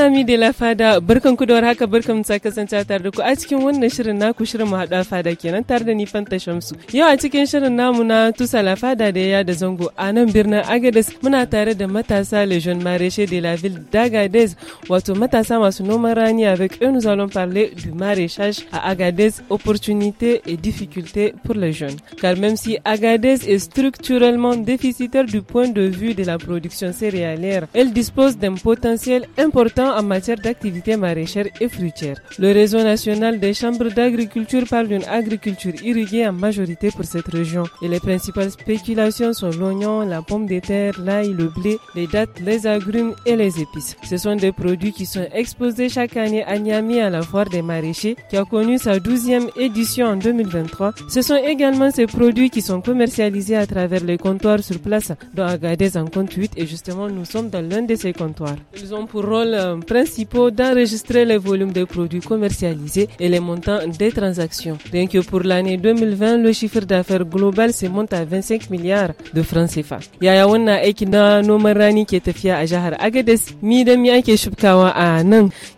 ami da lafada barkan ku da war haka barkan mu kasance tare da ku a cikin wannan shirin naku shirin mu haɗa fada kenan tare da ni Fanta Shamsu. Yau a cikin shirin namu na Tusa lafada da ya da zango a nan birnin Agadez muna tare da matasa Legion Maraîcher de la Ville d'Agadez wato matasa masu noman rani avec eux nous allons parler du maraîchage à Agadez opportunités et difficultés pour les jeunes. Car même si Agadez est structurellement déficitaire du point de vue de la production céréalière, elle dispose d'un potentiel important en matière d'activités maraîchères et fruitières. Le réseau national des chambres d'agriculture parle d'une agriculture irriguée en majorité pour cette région. Et les principales spéculations sont l'oignon, la pomme de terre, l'ail, le blé, les dattes, les agrumes et les épices. Ce sont des produits qui sont exposés chaque année à Niami, à la foire des maraîchers qui a connu sa 12e édition en 2023. Ce sont également ces produits qui sont commercialisés à travers les comptoirs sur place dont Agadez en compte 8 et justement nous sommes dans l'un de ces comptoirs. Ils ont pour rôle euh, principaux d'enregistrer les volumes des produits commercialisés et les montants des transactions. Rien que pour l'année 2020, le chiffre d'affaires global se monte à 25 milliards de francs CFA.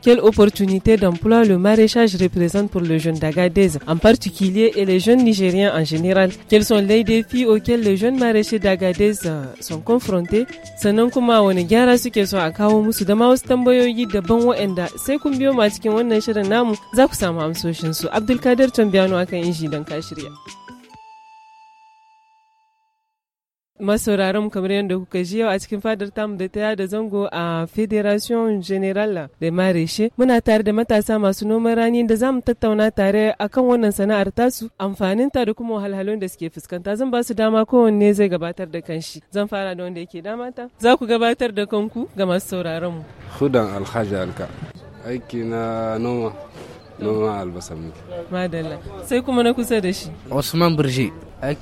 Quelle opportunité d'emploi le maraîchage représente pour le jeune d'Agadez en particulier et les jeunes nigériens en général? Quels sont les défis auxquels les jeunes maraîchers d'Agadez euh, sont confrontés? ce tambayoyi daban waɗanda sai kun biyo ma cikin wannan shirin namu za ku samu amsoshinsu. Abdulkadir Tambiyano akan inji don ka shirya. masauraran kamar yadda kuka ji yau a cikin fadar tamu da ta da zango a federation general da marishe muna tare da matasa masu noman rani da zamu tattauna tare akan wannan sana'ar tasu amfaninta da kuma wahalhalun da suke fuskanta zan ba su dama kowanne zai gabatar da kanshi zan fara da wanda yake dama ta za ku gabatar da kanku ga masu sauraron mu alhaji alka aiki na noma noma albasa muke madalla sai kuma na kusa da shi usman birji.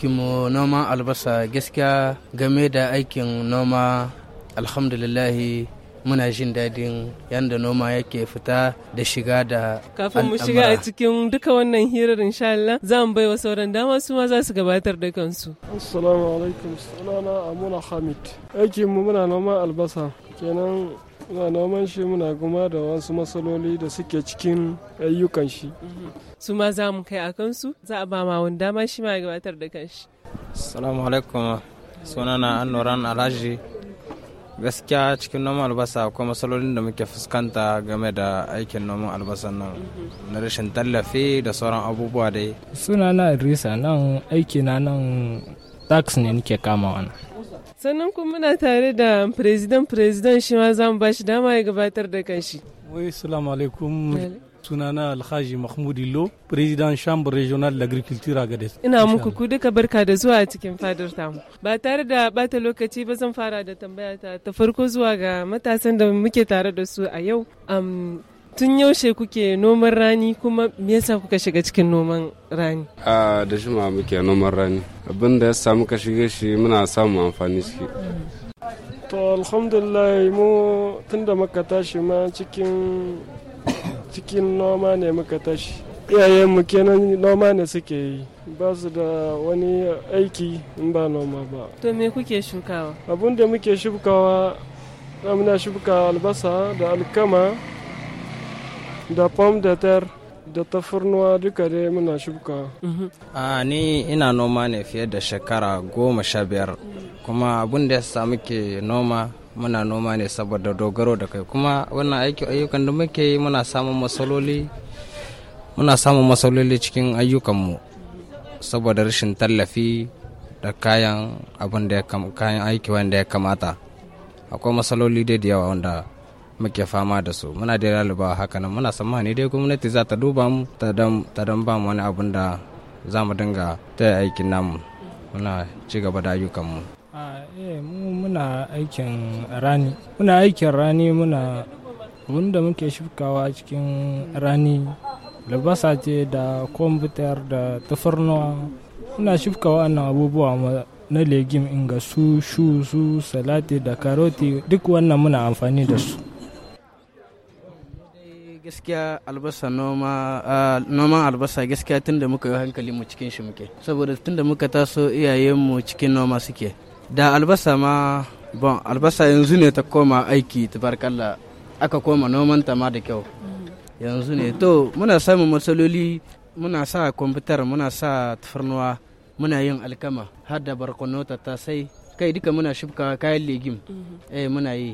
mu noma albasa gaskiya game da aikin noma alhamdulillahi muna jin dadin yadda noma yake fita da shiga da kafin mu shiga a cikin duka wannan hirar insha Allah za mu baiwa sauran dama su ma za su gabatar da kansu assalamu alaikum sunana amuna hamid aikin mu muna noma albasa kenan Muna noman shi muna kuma da wasu matsaloli da suke cikin ayyukan shi. Mhm. Su ma za mu kai a kansu za a ba ma wani dama shi ma gabatar da kanshi. Assalamu alaikum na Annoran Alhaji gaskiya cikin noman albasa akwai matsalolin da muke fuskanta game da aikin noman albasa nan na rashin tallafi da sauran abubuwa dai suna na risa nan aiki na nan tax ne nike kama wani sannan kuma muna tare da president president shi ma za mu ba shi dama ya gabatar da kanshi wai salamu alaikum sunana alhaji mahmud illo president chambre regional d'agriculture a gades ina muku ku duka barka da zuwa cikin fadar tamu ba tare da bata lokaci ba zan fara da tambaya ta farko zuwa ga matasan da muke tare da su a yau Tun yaushe kuke noman rani kuma me yasa kuka shiga cikin noman rani? A da ma muke noman rani. Abin da yasa muka shiga shi muna samun amfani shi. To alhamdulillah mu tun da muka tashi ma cikin cikin noma ne muka tashi. mu kenan noma ne suke yi. ba su da wani aiki in ba noma ba. To me kuke shukawa? Abin da muke shukawa, muna shuka albasa da alkama da pom da ter da tafarnuwa duka dai muna shuka. Mhm. a ni ina noma ne fiye da shekara goma sha biyar kuma abin da ya samu ke noma muna noma ne saboda dogaro da kai kuma wannan ayyukan da muke yi muna samun matsaloli muna samun matsaloli cikin ayyukanmu saboda rashin tallafi da kayan abin da ya ya kamata akwai masaloli da yawa wanda muke fama da su muna da laluba haka nan muna tsammani dai gwamnati za ta duba mu ta dan ba mu wani abun da za mu dinga ta aikin namu muna ci gaba da ayyukan mu ah, eh, muna aikin rani muna aikin rani muna wanda muke shukawa cikin rani albasa ce da kwamfutar da tafarnuwa muna shifkawa wannan abubuwa na legim inga su shu su salati da karoti duk wannan muna amfani da su gaskiya albasa noma noman albasa gaskiya tun da muka yi hankali mu cikin shi muke saboda tun da muka taso iyayenmu cikin noma suke da albasa ma bon albasa yanzu ne ta koma aiki tabarkalla aka koma noman ta ma da kyau yanzu ne to muna samun matsaloli muna sa kwamfutar muna sa tafarnuwa muna yin alkama har da barkonota ta sai kai duka muna shifka kayan legim mm-hmm. eh muna yi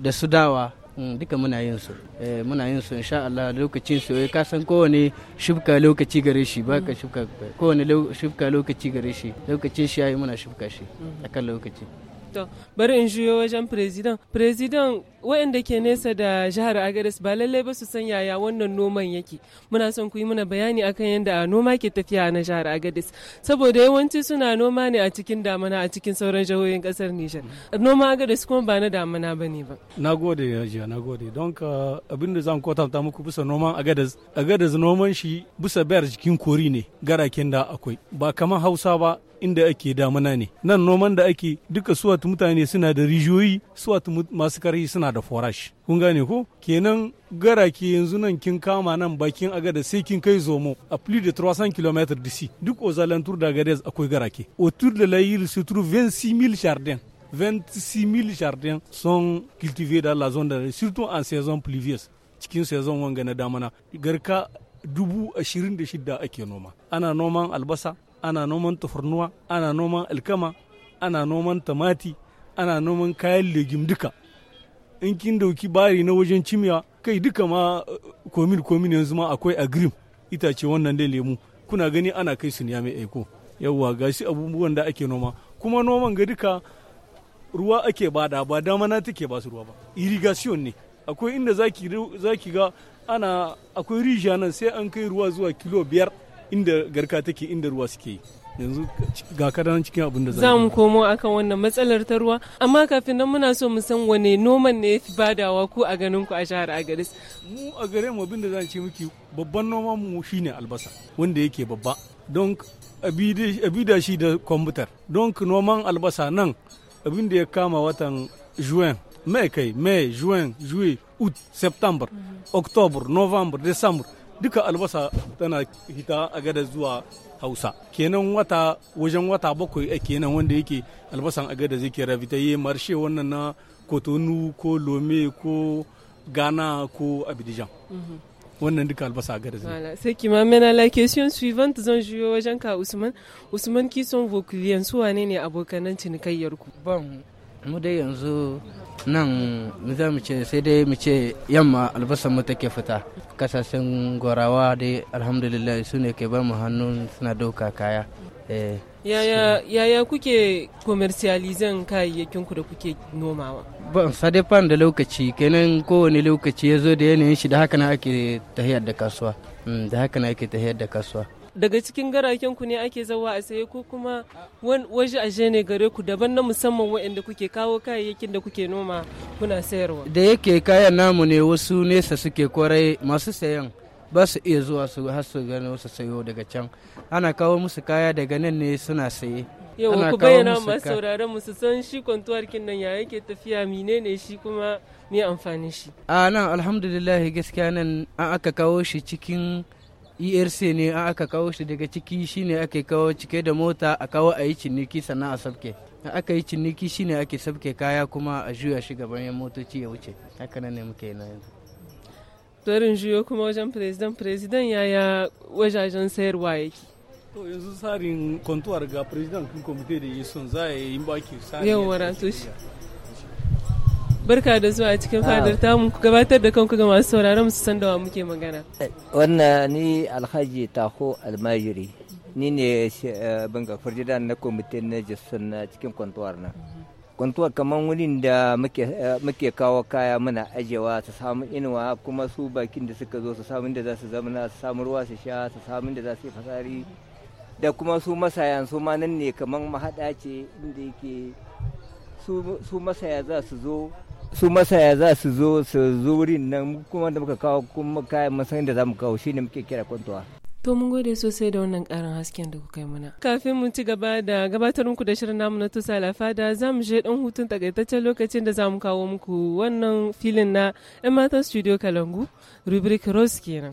da su dawa Mm, duka muna yin su eh, muna yin su insha Allah lokacin su eh, ka san kowane shubka lokaci gare shi ka shubka kowane shubka lokaci gare shi lokacin shi yayi muna shubka shi mm. akan lokaci to bari in juyo wajen president president waɗanda ke nesa da jihar agares ba lallai ba su san yaya wannan noman yake muna son ku yi mana bayani akan yadda a noma ke tafiya na jihar agares saboda yawanci suna noma ne a cikin damana a cikin sauran jihohin kasar nijar noma agares kuma ba na damana ba ne ba na gode ya na gode don ka abin da zan kwatanta muku bisa noman agadas agadas noman shi bisa bayar jikin kori ne garaken da akwai ba kamar hausa ba inda ake damana ne nan noman da ake duka suwat mutane suna da rijiyoyi suwat masu karhi suna da forash kun gane ko kenan garake yanzu nan kin kama nan bakin agada sai kin kai zomo a plus de 300 km d'ici duk ozalantur da d'agadez akwai garake autour de la île se trouve 26000 jardins 26000 jardins sont cultivés dans la zone de surtout en saison pluvieuse. Cikin saison wanga na damana, garka dubu ashirin da shida ake noma. Ana noman albasa, ana noman tafarnuwa, ana noman alkama, ana noman tamati, ana noman kayan legim duka. in kin dauki bari na wajen cimiya kai duka ma eh, komin komin yanzu ma akwai a agrim itace wannan dai lemu kuna gani ana kai su mai aiko yawwa ga shi abubuwan da ake noma kuma noman ga duka ruwa ake bada ba damana take ba su ruwa ba irrigation ne akwai inda zaki ga ana akwai rijiya nan sai an kai ruwa zuwa kilo biyar inda garka take inda ruwa suke yi yanzu ga kadan cikin abin da za mu komo akan wannan matsalar ta ruwa amma kafin nan muna so mu san wane noman ne yafi badawa ku a ganin ku a jihar Agaris mu a gare mu abin da zan ce miki babban noman mu shine albasa wanda yake babba don abida shi da kwamfutar don noman albasa nan abin da ya kama watan juin mai kai mai juin juin août september mhm. october november december duka albasa tana hita a gada zuwa hausa kenan wata wajen wata bakwai a kenan wanda yake albasan a gada zai kera vita yi marshe wannan na kotonu ko lome ko ghana ko abidjan mhm. wannan duka albasa a gada zai sai qui m'amène la question suivante zan juyo wajen ka usman usman qui sont vos clients su wane ne abokanan cinikayyar ku ban mu dai yanzu nan za mu ce sai dai mu ce yamma albasan mu take fita kasashen gorawa dai alhamdulillah su ne ke ba mu hannu suna doka kaya eh. yaya kuke komersiyalizan kayayyakinku da kuke nomawa ban sadefan da lokaci kenan kowane lokaci ya zo da yanayin shi da haka na ake tahiyar da kasuwa mm, da haka na ake tahiyar da kasuwa daga cikin garaken ku ne ake zawa a saye ko kuma waje aje ne gare ku daban na musamman waɗanda kuke kawo kayayyakin da kuke noma kuna sayarwa da yake kayan namu ne wasu nesa suke kwarai masu sayan ba su iya zuwa su har su gano su sayo daga can ana kawo musu kaya daga nan ne suna saye yau ku bayyana masu sauraron musu san shi kwantuwar nan ya yake tafiya menene shi kuma me amfanin shi a nan alhamdulillah gaskiya nan an aka kawo shi cikin erc ne an aka kawo shi daga ciki shine ake kawo cike da mota a kawo a yi ciniki sannan a sabke aka yi ciniki shine ake sabke kaya kuma a juya shi gaban yan motoci ya wuce haka nan ne muke yana yanzu dorin juyo kuma wajen president president yaya wajajen sayarwa yake to yanzu tsarin kwantuwar ga president kun komite da yi son za a yi baki tsarin yawwa barka da zuwa cikin fadar ah. ta mu gabatar da kanku ga masu sauraron su san da wa muke magana wannan ni alhaji taho almajiri ni ne eh, banga fardida na kwamitin na jisun na cikin kwantuwar nan kwantuwar kamar wani da eh, muke kawo kaya muna ajewa su samu inuwa kuma su bakin da suka zo su samu inda za su zamana su samu ruwa su sha su samu inda za su yi fasari da kuma su masayan su ma nan ne kamar mahaɗa ce inda yake su masaya za su zo su masaya za su zo su zo wurin nan kuma da muka kawo kuma kayan masayin da za mu kawo shine muke kira kwantowa To mun gode sosai da wannan karin hasken da kuka yi mana. Kafin mu ci gaba da gabatar muku da shirin namu na Tusa Lafada za mu je dan hutun takaitaccen lokacin da za mu kawo muku wannan filin na 'yan matan studio Kalangu rubrik Rose kenan.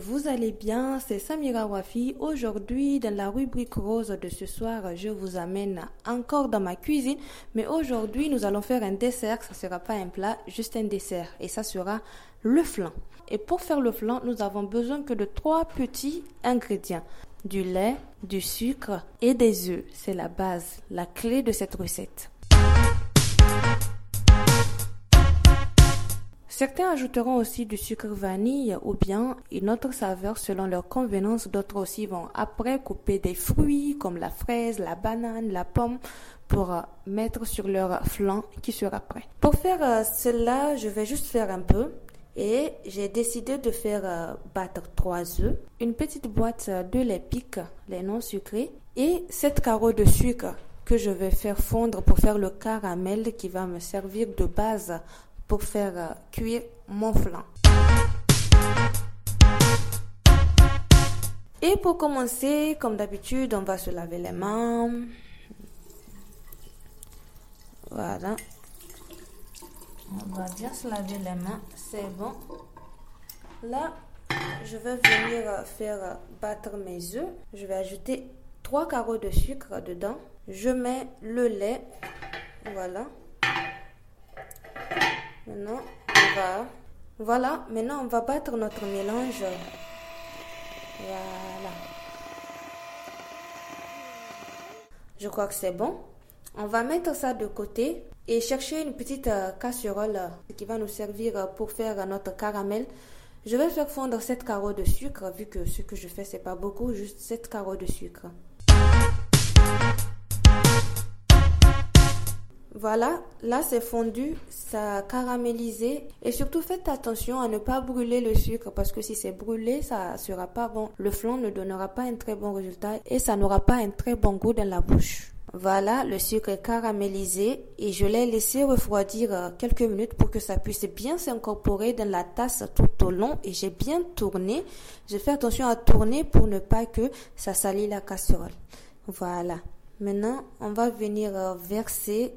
vous allez bien, c'est Samira Wafi. Aujourd'hui, dans la rubrique rose de ce soir, je vous amène encore dans ma cuisine. Mais aujourd'hui, nous allons faire un dessert. Ça ne sera pas un plat, juste un dessert. Et ça sera le flan. Et pour faire le flan, nous avons besoin que de trois petits ingrédients. Du lait, du sucre et des œufs. C'est la base, la clé de cette recette. Certains ajouteront aussi du sucre vanille ou bien une autre saveur selon leur convenance. D'autres aussi vont après couper des fruits comme la fraise, la banane, la pomme pour euh, mettre sur leur flan qui sera prêt. Pour faire euh, cela, je vais juste faire un peu et j'ai décidé de faire euh, battre trois œufs, une petite boîte de lait pique, les non sucrés et sept carreaux de sucre que je vais faire fondre pour faire le caramel qui va me servir de base faire euh, cuire mon flan. Et pour commencer, comme d'habitude, on va se laver les mains. Voilà. On va bien se laver les mains. C'est bon. Là, je vais venir euh, faire euh, battre mes œufs. Je vais ajouter trois carreaux de sucre dedans. Je mets le lait. Voilà. Maintenant, on va... Voilà, maintenant on va battre notre mélange. Voilà. Je crois que c'est bon. On va mettre ça de côté et chercher une petite euh, casserole qui va nous servir pour faire notre caramel. Je vais faire fondre 7 carreaux de sucre vu que ce que je fais c'est pas beaucoup, juste 7 carreaux de sucre. Voilà, là c'est fondu, ça a caramélisé et surtout faites attention à ne pas brûler le sucre parce que si c'est brûlé, ça sera pas bon. Le flan ne donnera pas un très bon résultat et ça n'aura pas un très bon goût dans la bouche. Voilà, le sucre est caramélisé et je l'ai laissé refroidir euh, quelques minutes pour que ça puisse bien s'incorporer dans la tasse tout au long et j'ai bien tourné. Je fais attention à tourner pour ne pas que ça salit la casserole. Voilà. Maintenant, on va venir euh, verser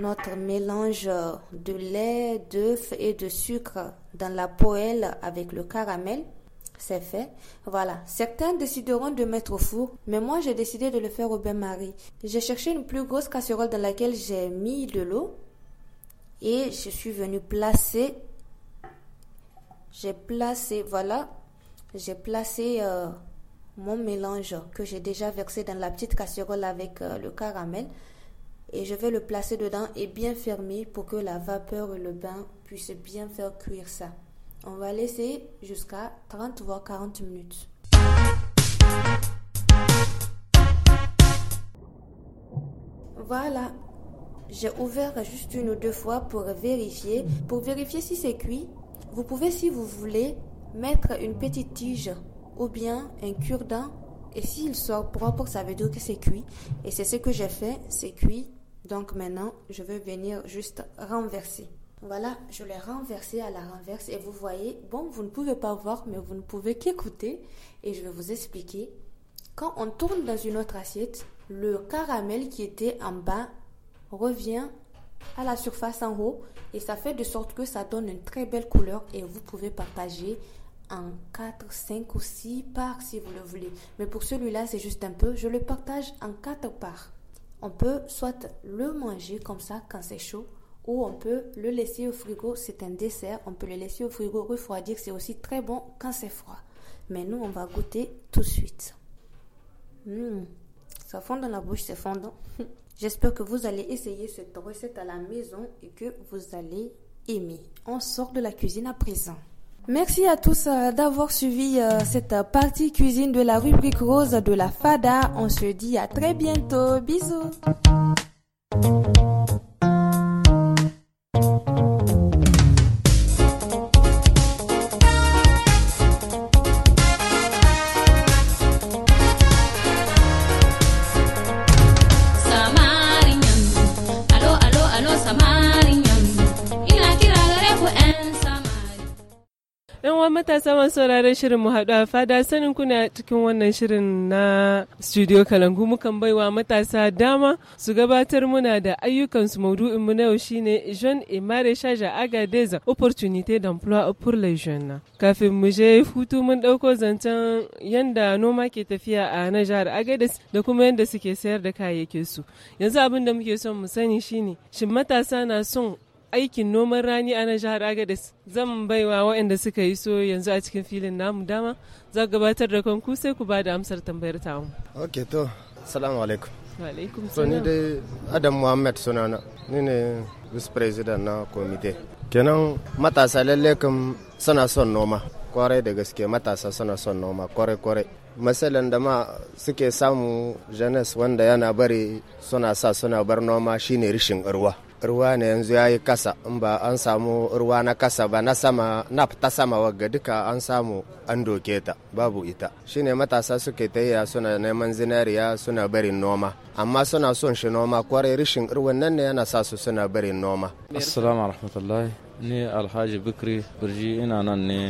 notre mélange de lait, d'œufs et de sucre dans la poêle avec le caramel, c'est fait. Voilà. Certains décideront de mettre au four, mais moi j'ai décidé de le faire au bain-marie. J'ai cherché une plus grosse casserole dans laquelle j'ai mis de l'eau et je suis venue placer. J'ai placé, voilà, j'ai placé euh, mon mélange que j'ai déjà versé dans la petite casserole avec euh, le caramel et je vais le placer dedans et bien fermer pour que la vapeur et le bain puissent bien faire cuire ça. On va laisser jusqu'à 30 voire 40 minutes. Voilà, j'ai ouvert juste une ou deux fois pour vérifier. Pour vérifier si c'est cuit, vous pouvez si vous voulez mettre une petite tige ou bien un cure-dent et s'il sort propre, ça veut dire que c'est cuit. Et c'est ce que j'ai fait, c'est cuit donc maintenant, je vais venir juste renverser. Voilà, je l'ai renversé à la renverse et vous voyez, bon, vous ne pouvez pas voir, mais vous ne pouvez qu'écouter et je vais vous expliquer. Quand on tourne dans une autre assiette, le caramel qui était en bas revient à la surface en haut et ça fait de sorte que ça donne une très belle couleur et vous pouvez partager en 4, 5 ou 6 parts si vous le voulez. Mais pour celui-là, c'est juste un peu, je le partage en 4 parts. On peut soit le manger comme ça quand c'est chaud, ou on peut le laisser au frigo, c'est un dessert, on peut le laisser au frigo refroidir, c'est aussi très bon quand c'est froid. Mais nous, on va goûter tout de suite. Hmm, ça fond dans la bouche, c'est fondant. J'espère que vous allez essayer cette recette à la maison et que vous allez aimer. On sort de la cuisine à présent. Merci à tous euh, d'avoir suivi euh, cette partie cuisine de la rubrique rose de la FADA. On se dit à très bientôt. Bisous. masu sauraron shirin mu haɗu a fada sanin kuna cikin wannan shirin na studio kalangu mukan baiwa matasa dama su gabatar muna da ayyukansu maudu'in mu na yau shine jeune et shaja à Agadez opportunité d'emploi pour les jeunes kafin mu je hutu mun ɗauko zancen yanda noma ke tafiya a na jihar Agadez da kuma yanda suke sayar da kayayyakin su yanzu abin da muke son mu sani shine shin matasa na son aikin noman rani a nan jihar agadez zan baiwa waɗanda suka yi so yanzu a cikin filin namu dama za gabatar da kanku sai ku ba da amsar tambayar tamu ok to salamu alaikum alaikum so ni dai adam muhammad sunana ni ne vice president na komite kenan matasa lalle kan suna son noma kwarai da gaske matasa suna son noma kwarai kwarai matsalan da ma suke samu janes wanda yana bari suna sa suna bar noma shine rishin ruwa ruwa ne yanzu ya yi kasa in ba an samu ruwa na kasa ba na sama na ta sama wagga duka an samu an doke ta babu ita shi ne matasa suke tayya suna neman zinariya suna barin noma amma suna son shi noma kwarai rishin ruwa nan ne yana sa su suna barin noma assalamu rahmatullahi ni alhaji bikri birji ina nan ne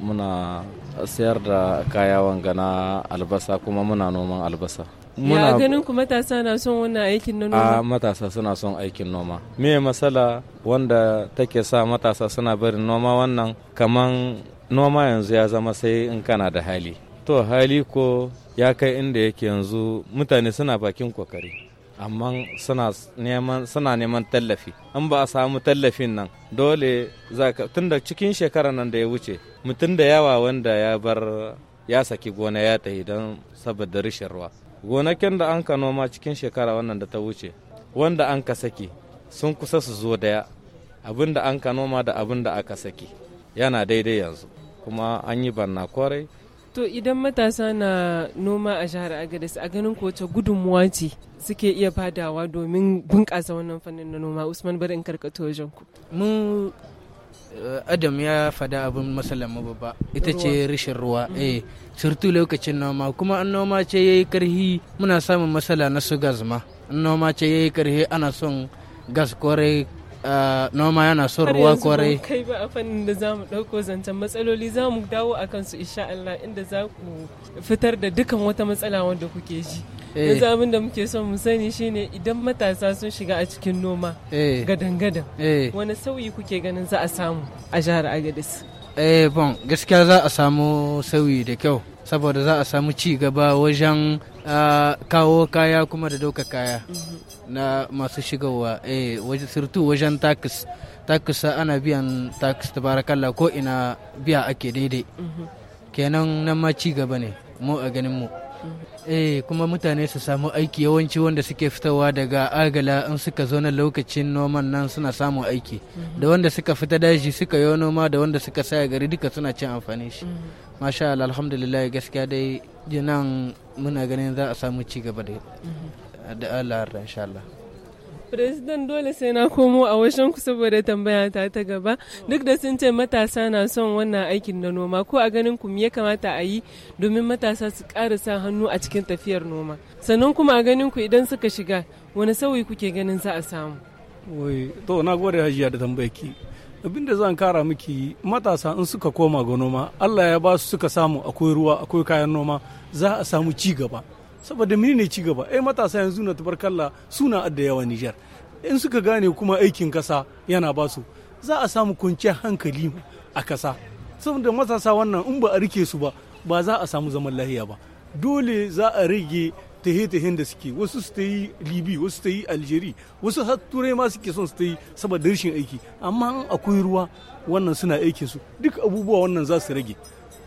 muna sayar da kaya wanga na albasa kuma muna noman albasa muna ganin ku matasa na son wannan aikin noma a matasa suna son aikin noma me masala wanda take sa matasa suna barin noma wannan kaman noma yanzu ya zama sai in kana da hali to hali ko ya kai inda yake yanzu mutane suna bakin kokari amma suna neman tallafi in ba a samu tallafin nan dole za tun tunda cikin shekara nan da ya wuce mutum da yawa wanda ya bar ya saki gona ya tahi don saboda rishin ruwa gonakin da an ka noma cikin shekara wannan da ta wuce wanda an ka saki sun kusa su zo daya abin da an ka noma da abin da aka saki yana daidai yanzu kuma an yi barna kwarai to idan matasa na noma a jihar agadis a ganin ko wace gudunmuwa ce suke iya fadawa domin bunƙasa wannan fannin na noma usman bari in karkato wajen ku mu Eh, adam ya fada abin masalama babba ita ce rashin ruwa mm. eh surtu lokacin noma kuma an noma ce yayi karhi muna samun masala na su gas ma an noma ce yayi karhi ana son gas kore eh, noma yana son ruwa kore kai ba a fannin da zamu mu ɗauko zancen matsaloli zamu dawo a kansu insha Allah inda za ku fitar da dukan wata matsala wanda kuke ji Eh. yanzu abin da muke son mu sani shine idan matasa sun shiga a cikin noma eh. gadan-gadan eh. wani sauyi kuke ganin za a samu a jihar agadis eh bon gaskiya za a samu sauyi da kyau saboda za a samu ci gaba wajen ah, kawo kaya kuma da dauka kaya mm-hmm. na masu shigarwa eh wajen surtu wajen takis takis ana biyan takis tabarakallah ko ina biya ake daidai mm-hmm. kenan nan ma ci gaba ne mu a ganin mu eh kuma mutane su samu aiki yawanci wanda suke fitowa daga agala in suka zo na lokacin noman nan suna samu aiki mhm. da wanda suka fita daji suka yi noma da wanda suka sa gari duka suna cin amfani shi mhm. masha Allah alhamdulillah gaskiya dai jinan muna ganin za a samu ci gaba mhm. da Allah insha Allah President dole sai na komo a washen ku saboda tambaya ta ta gaba duk da sun ce matasa na son wannan aikin na noma ko a ganin ku ya kamata a yi domin matasa su ƙara sa hannu a cikin tafiyar noma sannan kuma a ganin ku idan suka shiga wani sauyi kuke ganin za a samu. Wai to na gode hajiya da tambayaki abin da zan kara miki matasa in suka koma ga noma Allah ya ba su suka samu akwai ruwa akwai kayan noma za a samu ci gaba. saboda ne ci gaba ai matasa yanzu na tabarkalla suna adda yawa Nijar in suka gane kuma aikin kasa yana ba su za a samu kwanciyar hankali a kasa saboda matasa wannan in ba a rike su ba ba za a samu zaman lahiya ba dole za a rage tahe-tahen da suke wasu su ta yi libi wasu ta yi algeri wasu har turai ma suke son su ta yi saboda rashin aiki amma akwai ruwa wannan suna aikin su duk abubuwa wannan za su rage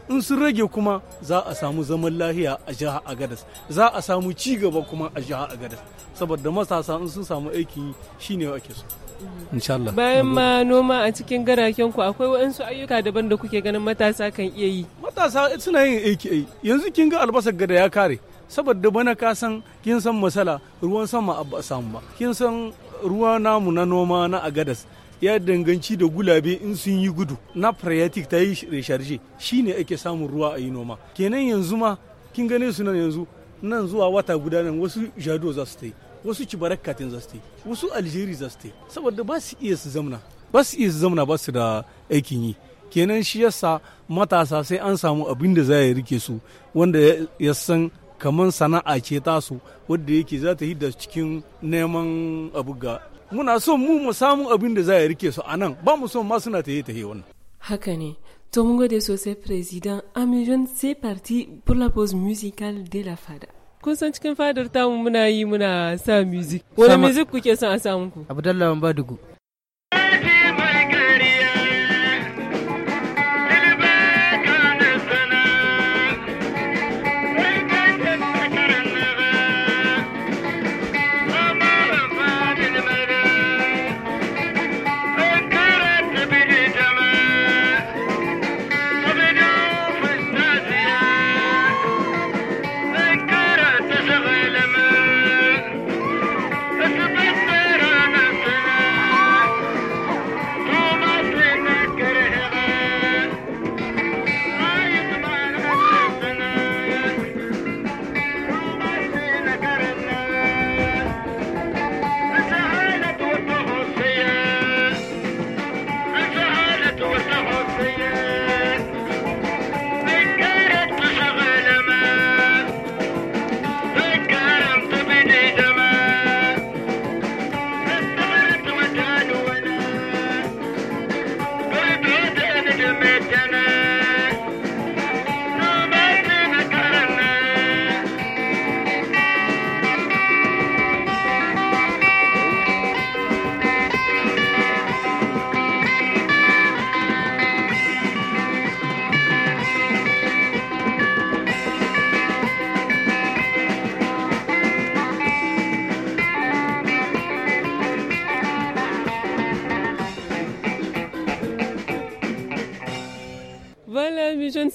in sun rage kuma za a samu zaman lahiya a jiha agadas za a samu ci gaba kuma a jiha agadas saboda matasa in sun samu aikin shine ake so mhm. inshallah bayan ma noma a cikin garaken ku akwai waɗansu ayyuka daban da kuke ganin matasa kan iya yi matasa suna yin aiki ai yanzu kin ga albasar gada ya kare saboda bana ka san kin san masala ruwan sama a ba samu ba kin san ruwa namu na noma na agadas ya danganci da gulabe in sun yi gudu na phreatic ta yi recharge ne ake samun ruwa a yi noma kenan yanzu ma kin gane su nan yanzu nan zuwa wata guda nan wasu jado za su ta yi wasu cibarar katin za su ta yi wasu aljeri za su ta yi saboda ba su iya su zamna ba su iya su zamna ba su da aikin yi kenan shi yasa matasa sai an samu abin da za ya rike su wanda ya san kamar sana'a ce tasu wadda yake za ta hidda cikin neman abu ga muna so mu mu samu abin da za a rike su a nan ba mu so ma suna ta yi wannan haka ne to mun gode sosai president amijon sai parti pour la pause musicale de la fada kun san cikin fadar tamu muna yi muna sa music wani music kuke son a samu ku abdullahi dugu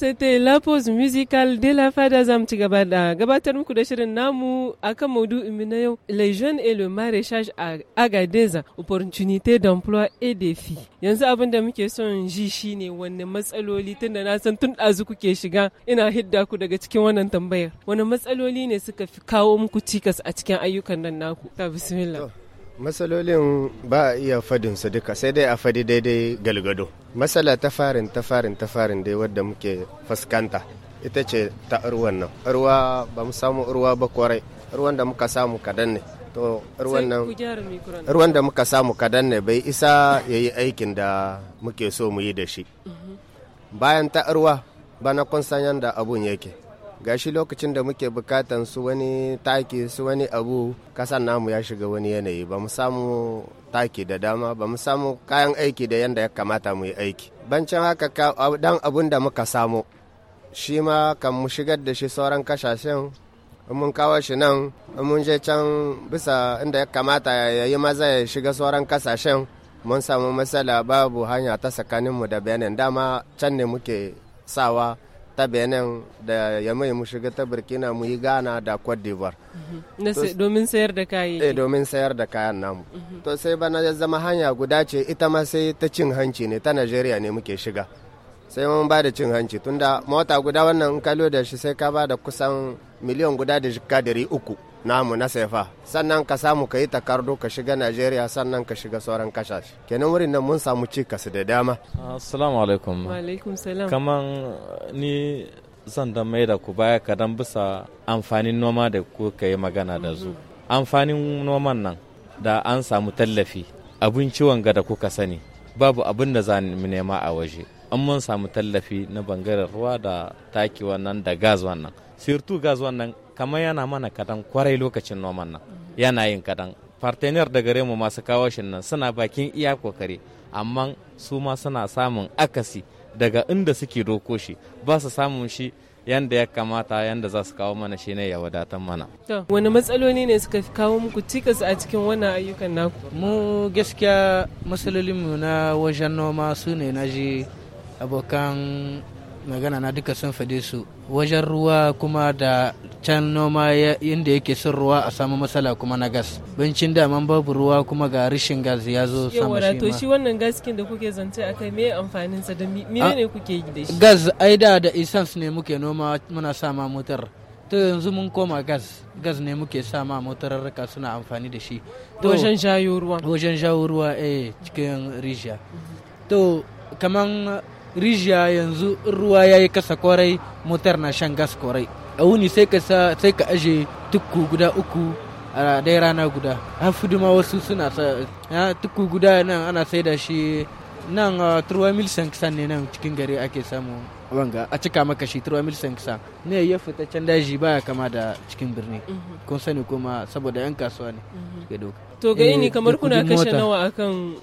c'était la pause musicale de la Fada Zam Tigabada. Gabatar muku da shirin namu akan maudu'in na yau, les jeunes et le maraîchage à Agadez, opportunité d'emploi et défi. Yanzu abin da muke son ji shine wanne matsaloli tunda na san tun ɗazu kuke shiga ina hidda ku daga cikin wannan tambayar. Wanne matsaloli ne suka fi kawo muku cikas a cikin ayyukan nan naku? Ta bismillah. matsalolin ba a iya fadinsu duka sai dai a fadi daidai galgado matsala ta farin ta farin ta farin dai wadda muke fuskanta ita ce ta ruwan nan ruwa ba mu samu ruwa ba kwarai ruwan da muka samu kadan ne to ruwan nan ruwan da muka samu kadan ne bai isa ya yi aikin da muke so mu yi da shi mhm. bayan ta ruwa bana kun san yadda abun yake gashi lokacin da muke bukatan su wani taki su wani abu kasan namu ya shiga wani yanayi ba mu samu taki da dama ba mu samu kayan aiki da yanda ya kamata mu yi aiki bancin haka dan abun da muka samu shi ma kan mu shigar da shi sauran kashashen mun kawo shi nan mun je can bisa inda ya kamata ya yi maza ya shiga sauran kasashen mun samu matsala babu hanya ta tsakaninmu da benin dama can ne muke sawa ta benin da ya mai mu shiga ta burkina mu yi ghana da cote d'ivoire mhm. domin sayar da kayan eh, domin sayar da kayan namu mhm. to sai bana ya zama hanya guda ce ita ma sai ta cin hanci ne ta nigeria ne muke shiga sai mun ba da cin hanci tunda mota guda wannan kalo da shi sai ka ba da kusan miliyan guda da jikka dari uku namu na sefa sannan ka samu ka yi takardu ka shiga najeriya sannan ka shiga sauran kasashe kenan wurin nan mun samu cikas da dama assalamu alaikum salam kaman eh, ni zan da mai da ku baya ka kadan bisa amfanin noma da ku ka yi magana da zu mm-hmm. amfanin noman nan da an samu tallafi ciwon gada da kuka sani babu abin da za mu nema a waje an mun samu tallafi na bangaren ruwa da taki wannan da gas wannan surtout gaz wannan kamar yana mana kadan kwarai lokacin noman nan yana yin kadan partenaire da gare mu masu kawo shi nan suna bakin iya kokari amma su ma suna samun akasi daga inda suke doko shi ba su samun shi yanda ya kamata yanda za su kawo mana shi ne ya wadatan mana. Wani matsaloli ne suka fi kawo muku cikas a cikin wannan ayyukan naku? Mu gaskiya mu na wajen noma su ne na ji abokan magana na duka sun fade su wajen ruwa kuma da can noma inda yake son ruwa a samu matsala kuma na gas bincin daman babu ruwa kuma ga rishin gas ya zo sama shi to shi wannan gaskin da kuke zance akai me amfanin sa da menene ne kuke yi da shi gas aida da essence ne muke noma muna sa ma motar to yanzu mun koma gas gas ne muke sa ma motararraka suna amfani da shi To wajen jayo ruwa wajen jayo ruwa eh cikin rijiya to kaman rijiya yanzu ruwa ya yi kasa kwarai motar na shan gas kwarai a wuni sai ka sai ka aje tukku guda uku a dai rana guda hafudu ma wasu suna sa tukku guda nan ana saida shi nan ah, turwa mil sankisan ne nan cikin gari ake samu wanga a cika maka shi turwa mil sankisan ne ya fita can daji baya kama da cikin birni mhm. kun sani kuma saboda yan kasuwa ne mhm. to ga ni eh, kamar kuna kashe nawa akan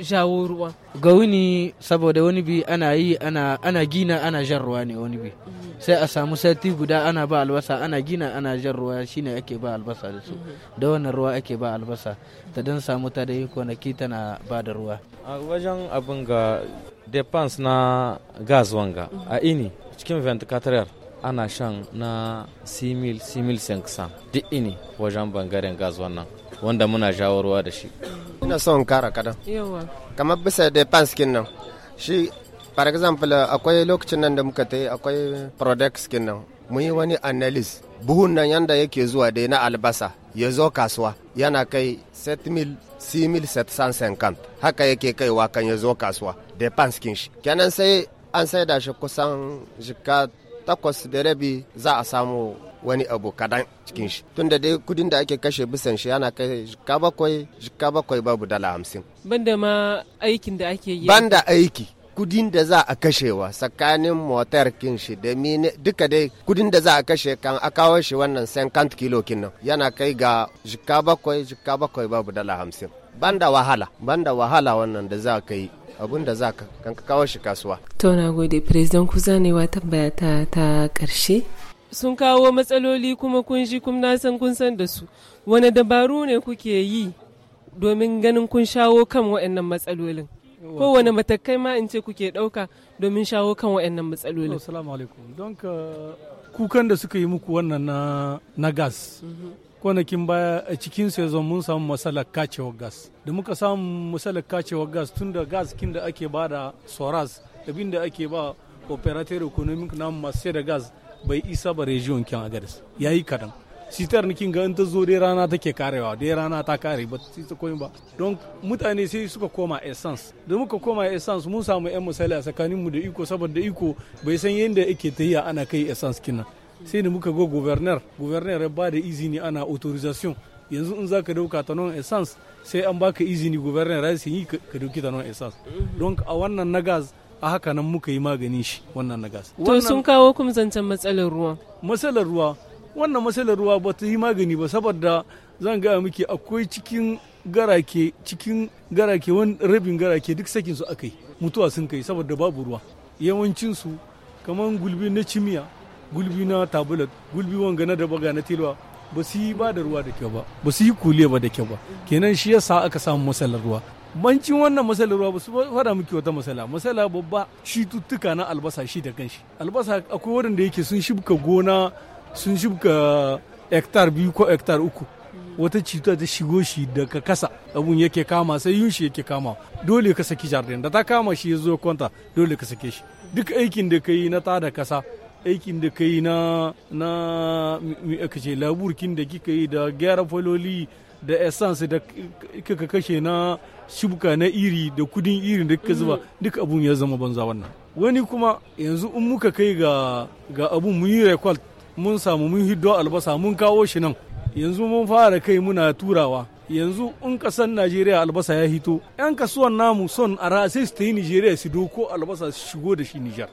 jawo ruwa ga wuni saboda wani bi ana yi ana gina ana jan ruwa ne wani bi sai a samu sati guda ana ba albasa ana gina ana jan ruwa shine ake ba albasa da su da wannan ruwa ake ba albasa ta dan samu ta da yi kwanaki tana ba da ruwa a wajen abin ga depans na gas wanga a ini cikin 24 ana shan na simil simil duk ini wajen bangaren gas wannan wanda muna jawo ruwa da shi ina son kara kadan kamar bisa da skin nan shi par example akwai lokacin nan da muka ta yi akwai product skin nan mun yi wani analyst buhun nan yanda yake zuwa dai na albasa ya zo kasuwa yana kai 7,750 haka yake kaiwa kan ya zo kasuwa da skin shi kenan sai an saida shi kusan jika takwas da rabi za a samu wani abu kadan cikin shi tunda dai kudin da ake kashe bisan shi yana kai jika bakwai jika bakwai babu dala hamsin banda ma aikin da ake yi banda aiki kudin da za a kashewa tsakanin motar kin shi da mine duka dai kudin da za a kashe kan a kawo shi wannan senkant kilo nan yana kai ga jika bakwai jika bakwai babu dala hamsin banda wahala banda wahala wannan da za ka yi abun da za ka kawo shi kasuwa. To na gode, Firistan kusa ne wa tambaya ta ta ƙarshe. Sun kawo matsaloli kuma kun shi kuma na san kun san da su. Wane dabaru ne kuke yi domin ganin kun shawo kan waɗannan matsalolin? Kowane matakai ma in ce kuke ɗauka domin shawo kan waɗannan matsalolin. Assalamu alaikum. Don kukan da suka yi muku wannan na gas. Mhm. kwanakin baya a cikin sezon mun samu matsalar kacewar gas da muka samu matsalar kacewar gas tun da gas kin da ake ba da soras abin da ake ba operator economic na masu da gas bai isa ba region kin agaris ya yi kadan sitar kin ga in ta zo dai rana take karewa dai rana ta kare ba ta koyi ba don mutane sai suka koma essence da muka koma essence mun samu yan misali a tsakaninmu da iko saboda iko bai san yadda yake a ana kai essence kinan sai da muka go governor governor ya ba da izini ana authorization yanzu in za ka dauka non essence sai an baka izini governor ya yi ka dauki non essence don a wannan na gas a haka nan muka yi maganin shi wannan na gas to sun kawo kuma zancen matsalar ruwa matsalar ruwa wannan matsalar ruwa ba ta yi magani ba saboda zan ga miki akwai cikin garake cikin garake wani rabin garake duk sakin su akai yi mutuwa sun kai saboda babu ruwa yawancin su kamar gulbi na cimiya gulbi na tabulat gulbi wanga na daba gane na tilwa ba su yi ba da ruwa da kyau ba ba su yi kuliya ba da kyau ba kenan shi yasa aka samu masalar ruwa bancin wannan masalar ruwa ba su fada miki wata masala masala babba shi tuttuka na albasa shi da kanshi albasa akwai wurin da yake sun shibka gona sun shibka hektar biyu ko hektar uku wata cuta ta shigo shi daga kasa abun yake kama sai yun shi yake kama dole ka saki jardin da ta kama shi ya zo kwanta dole ka sake shi duk aikin da ka yi na tada kasa aikin da ka yi na na aka ce laburkin da kika yi da gyara faloli da essence da kika kashe na shibka na iri da kudin irin da kika zuba mm. duk abun ya zama banza wannan wani kuma yanzu in muka kai ga ga abun mun yi record mun samu mun hiddo albasa mun kawo shi nan yanzu mun fara kai muna turawa yanzu in kasan najeriya albasa ya hito yan kasuwan namu son a rasis ta yi nijeriya su doko albasa su shigo da shi nijar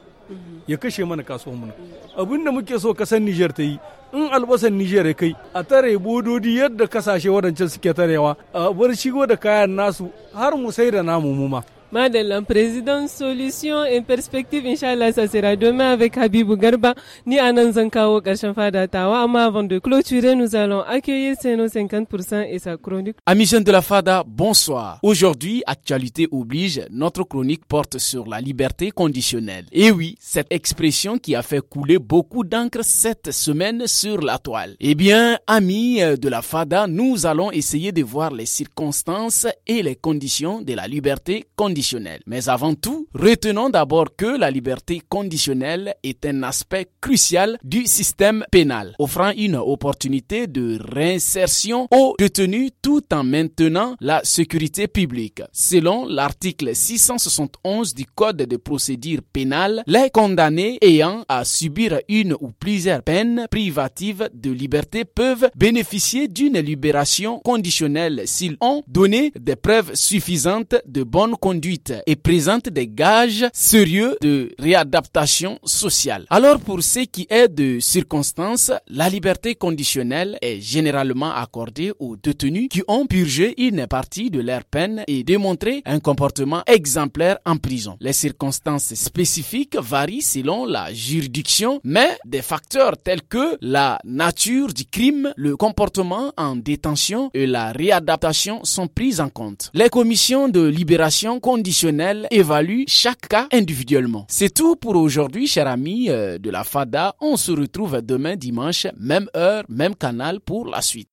ya kashe mana kasuwanmu abin da muke so kasar Niger ta yi in albasan Nijar ya kai a tare bododi yadda kasashe wadancan suke tarewa a bar shigo da kayan nasu har mu sai da namu mu ma Madame la Présidente, solution et perspective, Inch'Allah, ça sera demain avec Habibou Garba, ni Anan Zankao, Tawa. Mais avant de clôturer, nous allons accueillir nos 50% et sa chronique. Amis de la Fada, bonsoir. Aujourd'hui, actualité oblige, notre chronique porte sur la liberté conditionnelle. Et oui, cette expression qui a fait couler beaucoup d'encre cette semaine sur la toile. Eh bien, amis de la Fada, nous allons essayer de voir les circonstances et les conditions de la liberté conditionnelle conditionnelle. Mais avant tout, retenons d'abord que la liberté conditionnelle est un aspect crucial du système pénal, offrant une opportunité de réinsertion aux détenus tout en maintenant la sécurité publique. Selon l'article 671 du Code de procédure pénale, les condamnés ayant à subir une ou plusieurs peines privatives de liberté peuvent bénéficier d'une libération conditionnelle s'ils ont donné des preuves suffisantes de bonne conduite et présente des gages sérieux de réadaptation sociale. Alors pour ce qui est de circonstances, la liberté conditionnelle est généralement accordée aux détenus qui ont purgé une partie de leur peine et démontré un comportement exemplaire en prison. Les circonstances spécifiques varient selon la juridiction, mais des facteurs tels que la nature du crime, le comportement en détention et la réadaptation sont pris en compte. Les commissions de libération conditionnel évalue chaque cas individuellement. C'est tout pour aujourd'hui, chers amis euh, de la FADA. On se retrouve demain dimanche, même heure, même canal pour la suite.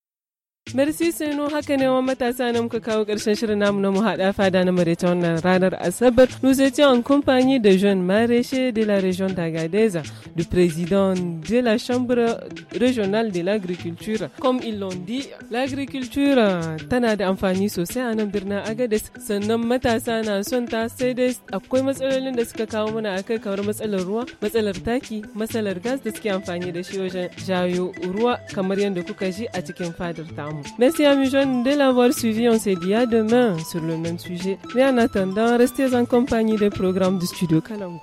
Merci Sino haka ne wa matasa na muka kawo ƙarshen shirin namu na muhaɗa fada na marece wannan ranar Asabar. Nous étions en de jeunes maraîchers de la région d'Agadeza, du président de la Chambre régionale de l'agriculture. Comme ils l'ont dit, l'agriculture tana da amfani sosai a nan birnin Agadez. Sannan matasa na son ta sai dai akwai matsalolin da suka kawo mana kai kamar matsalar ruwa, matsalar taki, matsalar gas da suke amfani da shi wajen jayo ruwa kamar yadda kuka ji a cikin fadar tamu. Merci à jeunes de l'avoir suivi. On se dit à demain sur le même sujet. Mais en attendant, restez en compagnie des programmes du studio Kalambo.